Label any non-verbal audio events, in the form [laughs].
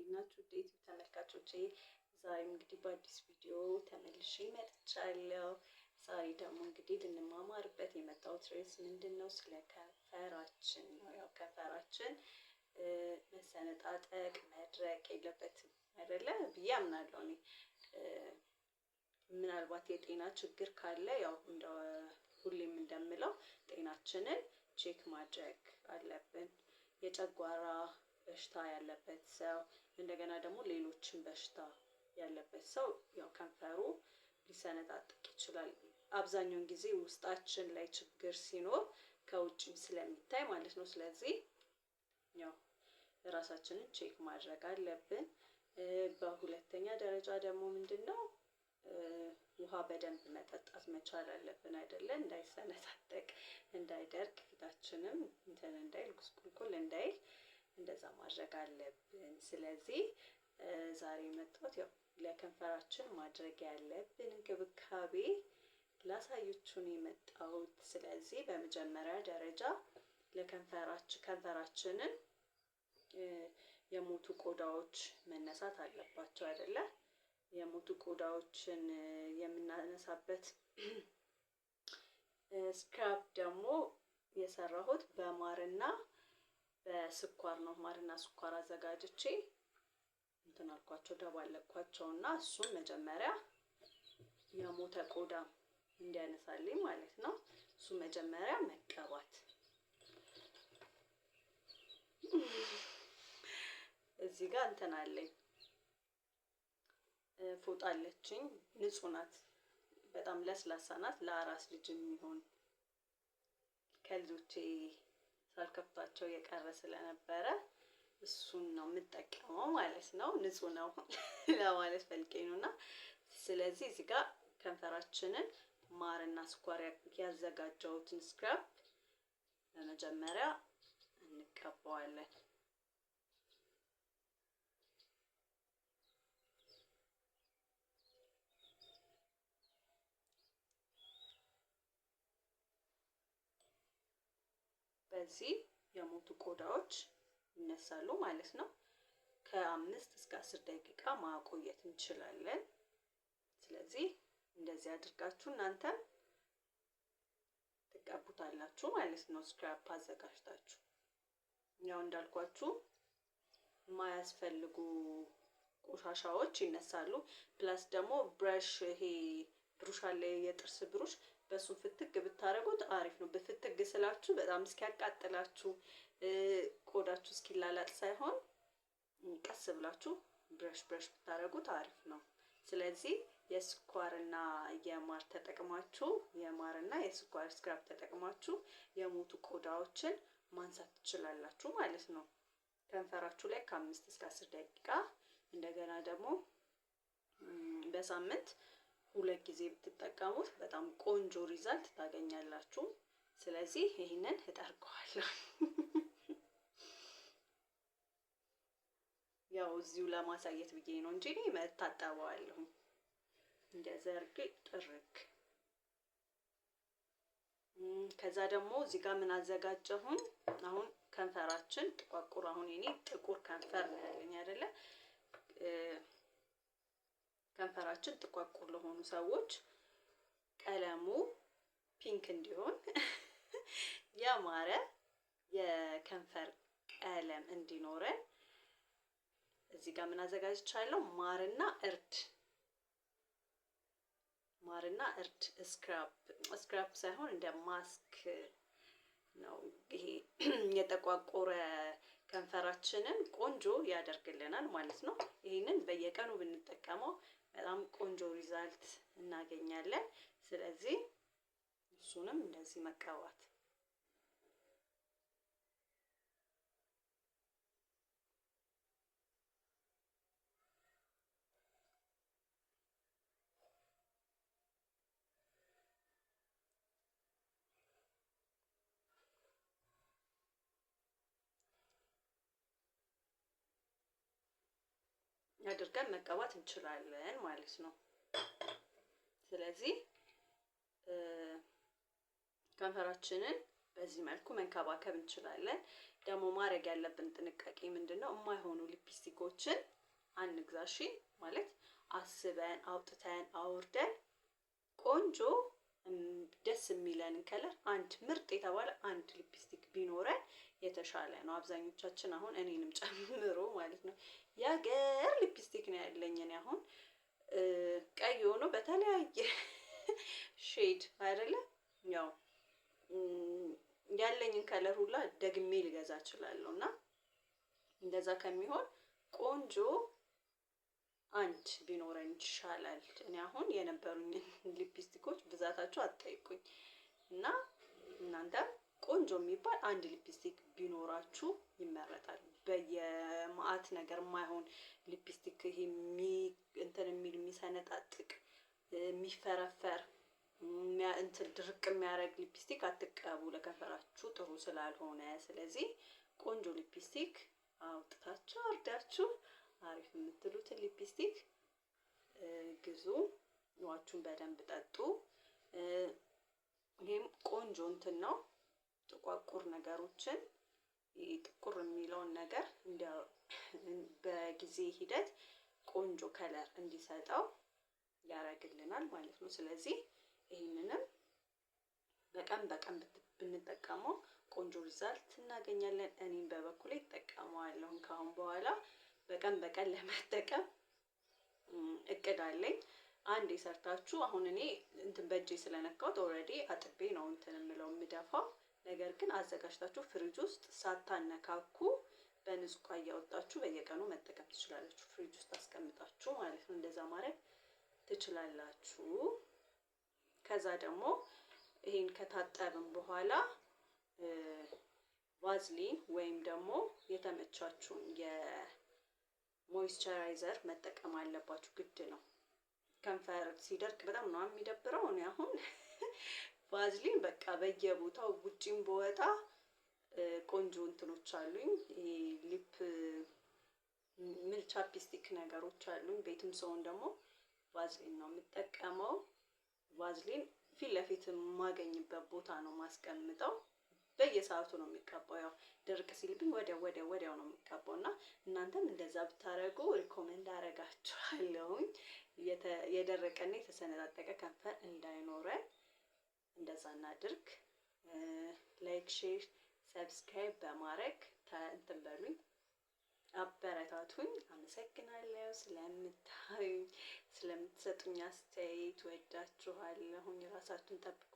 እንዴት ናችሁ? ውዴት ተመልካቾቼ ዛሬ እንግዲህ በአዲስ ቪዲዮ ተመልሼ መጥቻለሁ። ዛሬ ደግሞ እንግዲህ ልንማማርበት የመጣሁት ርዕስ ምንድን ነው? ስለ ከንፈራችን ነው። ያው ከንፈራችን መሰነጣጠቅ፣ መድረቅ የለበትም አይደለ ብዬ አምናለሁ እኔ ምናልባት የጤና ችግር ካለ ያው እንደ ሁሌም እንደምለው ጤናችንን ቼክ ማድረግ አለብን። የጨጓራ በሽታ ያለበት ሰው እንደገና ደግሞ ሌሎችን በሽታ ያለበት ሰው ያው ከንፈሩ ሊሰነጣጥቅ ይችላል። አብዛኛውን ጊዜ ውስጣችን ላይ ችግር ሲኖር ከውጭም ስለሚታይ ማለት ነው። ስለዚህ ያው እራሳችንን ቼክ ማድረግ አለብን። በሁለተኛ ደረጃ ደግሞ ምንድን ነው ውሃ በደንብ መጠጣት መቻል አለብን አይደለ? እንዳይሰነጣጠቅ፣ እንዳይደርቅ ፊታችንም እንትን እንዳይል ጉስቁልቁል እንዳይል እንደዛ ማድረግ አለብን። ስለዚህ ዛሬ መጥቶት ያው ለከንፈራችን ማድረግ ያለብን እንክብካቤ ላሳዮቹን የመጣሁት። ስለዚህ በመጀመሪያ ደረጃ ለከንፈራችን ከንፈራችንን የሞቱ ቆዳዎች መነሳት አለባቸው አይደለ? የሞቱ ቆዳዎችን የምናነሳበት ስክራብ ደግሞ የሰራሁት በማርና በስኳር ነው ማርና ስኳር አዘጋጅቼ እንትን አልኳቸው እና እሱም መጀመሪያ የሞተ ቆዳ እንዲያነሳልኝ ማለት ነው። እሱ መጀመሪያ መቀባት እዚህ ጋር እንትን አለኝ ፎጣለችኝ። ንጹህ ናት፣ በጣም ለስላሳ ናት። ለአራስ ልጅ የሚሆን ከልጆቼ ሳልከፍቷቸው የቀረ ስለነበረ እሱን ነው የምጠቀመው ማለት ነው። ንጹህ ነው [laughs] ለማለት ፈልጌ ነው እና ስለዚህ እዚህ ጋር ከንፈራችንን ማርና ስኳር ያዘጋጀሁትን ስክራፕ በመጀመሪያ እንቀባዋለን። እነዚህ የሞቱ ቆዳዎች ይነሳሉ ማለት ነው። ከአምስት እስከ አስር ደቂቃ ማቆየት እንችላለን። ስለዚህ እንደዚህ አድርጋችሁ እናንተ ትቀቡታላችሁ ማለት ነው። ስክራፕ አዘጋጅታችሁ ያው እንዳልኳችሁ የማያስፈልጉ ቆሻሻዎች ይነሳሉ። ፕላስ ደግሞ ብረሽ ይሄ ብሩሽ አለ የጥርስ ብሩሽ በሱ ፍትግ ብታደረጉት አሪፍ ነው። በፍትግ ስላችሁ በጣም እስኪያቃጥላችሁ ቆዳችሁ እስኪላላጥ ሳይሆን ቀስ ብላችሁ ብረሽ ብረሽ ብታደረጉት አሪፍ ነው። ስለዚህ የስኳርና የማር ተጠቅማችሁ የማርና የስኳር ስክራብ ተጠቅማችሁ የሞቱ ቆዳዎችን ማንሳት ትችላላችሁ ማለት ነው። ከንፈራችሁ ላይ ከአምስት እስከ አስር ደቂቃ እንደገና ደግሞ በሳምንት ሁለት ጊዜ ብትጠቀሙት በጣም ቆንጆ ሪዛልት ታገኛላችሁ። ስለዚህ ይህንን እጠርገዋለሁ። [laughs] ያው እዚሁ ለማሳየት ብዬ ነው እንጂ መታጠበዋለሁ። እንደዘርግ ጥርግ ከዛ ደግሞ እዚህ ጋር ምን አዘጋጀሁኝ? አሁን ከንፈራችን ጥቋቁር፣ አሁን የኔ ጥቁር ከንፈር ነው ያለኝ አይደለ ከንፈራችን ጥቋቁር ለሆኑ ሰዎች ቀለሙ ፒንክ እንዲሆን [laughs] ያማረ የከንፈር ቀለም እንዲኖረን እዚህ ጋር ምን አዘጋጅቻለሁ? ማርና እርድ ማርና እርድ ስክራፕ ስክራፕ ሳይሆን እንደ ማስክ ነው። ይሄ [clears throat] የተቋቆረ ከንፈራችንን ቆንጆ ያደርግልናል ማለት ነው። ይህንን በየቀኑ ብንጠቀመው በጣም ቆንጆ ሪዛልት እናገኛለን። ስለዚህ እሱንም እንደዚህ መቀባት አድርገን መቀባት እንችላለን ማለት ነው። ስለዚህ ከንፈራችንን በዚህ መልኩ መንከባከብ እንችላለን። ደግሞ ማድረግ ያለብን ጥንቃቄ ምንድን ነው? የማይሆኑ ሊፕስቲኮችን አንግዛሺ ማለት አስበን አውጥተን አውርደን ቆንጆ ደስ የሚለን ከለር አንድ ምርጥ የተባለ አንድ ሊፕስቲክ ቢኖረን የተሻለ ነው። አብዛኞቻችን አሁን እኔንም ጨምሮ ማለት ነው የሀገር ሊፕስቲክ ነው ያለኝ እኔ አሁን ቀይ ሆኖ በተለያየ [laughs] ሼድ አይደለ ያው ያለኝን ከለር ሁላ ደግሜ ልገዛ እችላለሁ። እና እንደዛ ከሚሆን ቆንጆ አንድ ቢኖረኝ ይሻላል። እኔ አሁን የነበሩኝን [laughs] ሊፕስቲኮች ብዛታቸው አጠይቁኝ እና እናንተም ቆንጆ የሚባል አንድ ሊፕስቲክ ቢኖራችሁ ይመረጣል። በየማአት ነገር ማይሆን ሊፕስቲክ ይሄ እንትን የሚል የሚሰነጣጥቅ የሚፈረፈር እንትን ድርቅ የሚያደርግ ሊፕስቲክ አትቀቡ፣ ለከንፈራችሁ ጥሩ ስላልሆነ። ስለዚህ ቆንጆ ሊፕስቲክ አውጥታችሁ አርዳችሁ አሪፍ የምትሉትን ሊፕስቲክ ግዙ። ዋችሁን በደንብ ጠጡ። ይህም ቆንጆ እንትን ነው። ጥቋቁር ነገሮችን ጥቁር የሚለውን ነገር [clears throat] በጊዜ ሂደት ቆንጆ ከለር እንዲሰጠው ያደርግልናል ማለት ነው። ስለዚህ ይህንንም በቀን በቀን ብንጠቀመው ቆንጆ ሪዛልት እናገኛለን። እኔም በበኩሌ እጠቀመዋለሁን ከአሁን በኋላ በቀን በቀን ለመጠቀም እቅድ አለኝ። አንዴ ሰርታችሁ አሁን እኔ እንትን በእጄ ስለነካሁት ኦልሬዲ አጥቤ ነው እንትን የምለው የምደፋው ነገር ግን አዘጋጅታችሁ ፍሪጅ ውስጥ ሳታነካኩ በንጹህ እቃ እያወጣችሁ በየቀኑ መጠቀም ትችላላችሁ። ፍሪጅ ውስጥ አስቀምጣችሁ ማለት ነው። እንደዛ ማድረግ ትችላላችሁ። ከዛ ደግሞ ይሄን ከታጠብን በኋላ ቫዝሊን ወይም ደግሞ የተመቻችሁን የሞይስቸራይዘር መጠቀም አለባችሁ፣ ግድ ነው። ከንፈር ሲደርቅ በጣም ነው የሚደብረው። እኔ አሁን ቫዝሊን በቃ በየቦታው ውጪም በወጣ ቆንጆ እንትኖች አሉኝ። ይሄ ሊፕ ምን ቻፕስቲክ ነገሮች አሉኝ። ቤትም ሰውን ደግሞ ቫዝሊን ነው የምጠቀመው። ቫዝሊን ፊት ለፊት የማገኝበት ቦታ ነው ማስቀምጠው። በየሰዓቱ ነው የሚቀባው። ያው ድርቅ ሲልብኝ ወዲያው ወዲያው ወዲያው ነው የሚቀባው እና እናንተም እንደዛ ብታደርጉ ሪኮመንድ አረጋችኋለሁኝ። የደረቀና የተሰነጣጠቀ ከንፈር እንዳይኖረን እንደዛ እናድርግ። ላይክ፣ ሼር፣ ሰብስክራይብ በማድረግ እንትን በሉኝ፣ አበረታቱኝ። አመሰግናለሁ ስለምታዩኝ፣ ስለምትሰጡኝ አስተያየት። ወዳችኋለሁኝ። ራሳችሁን ጠብቁ።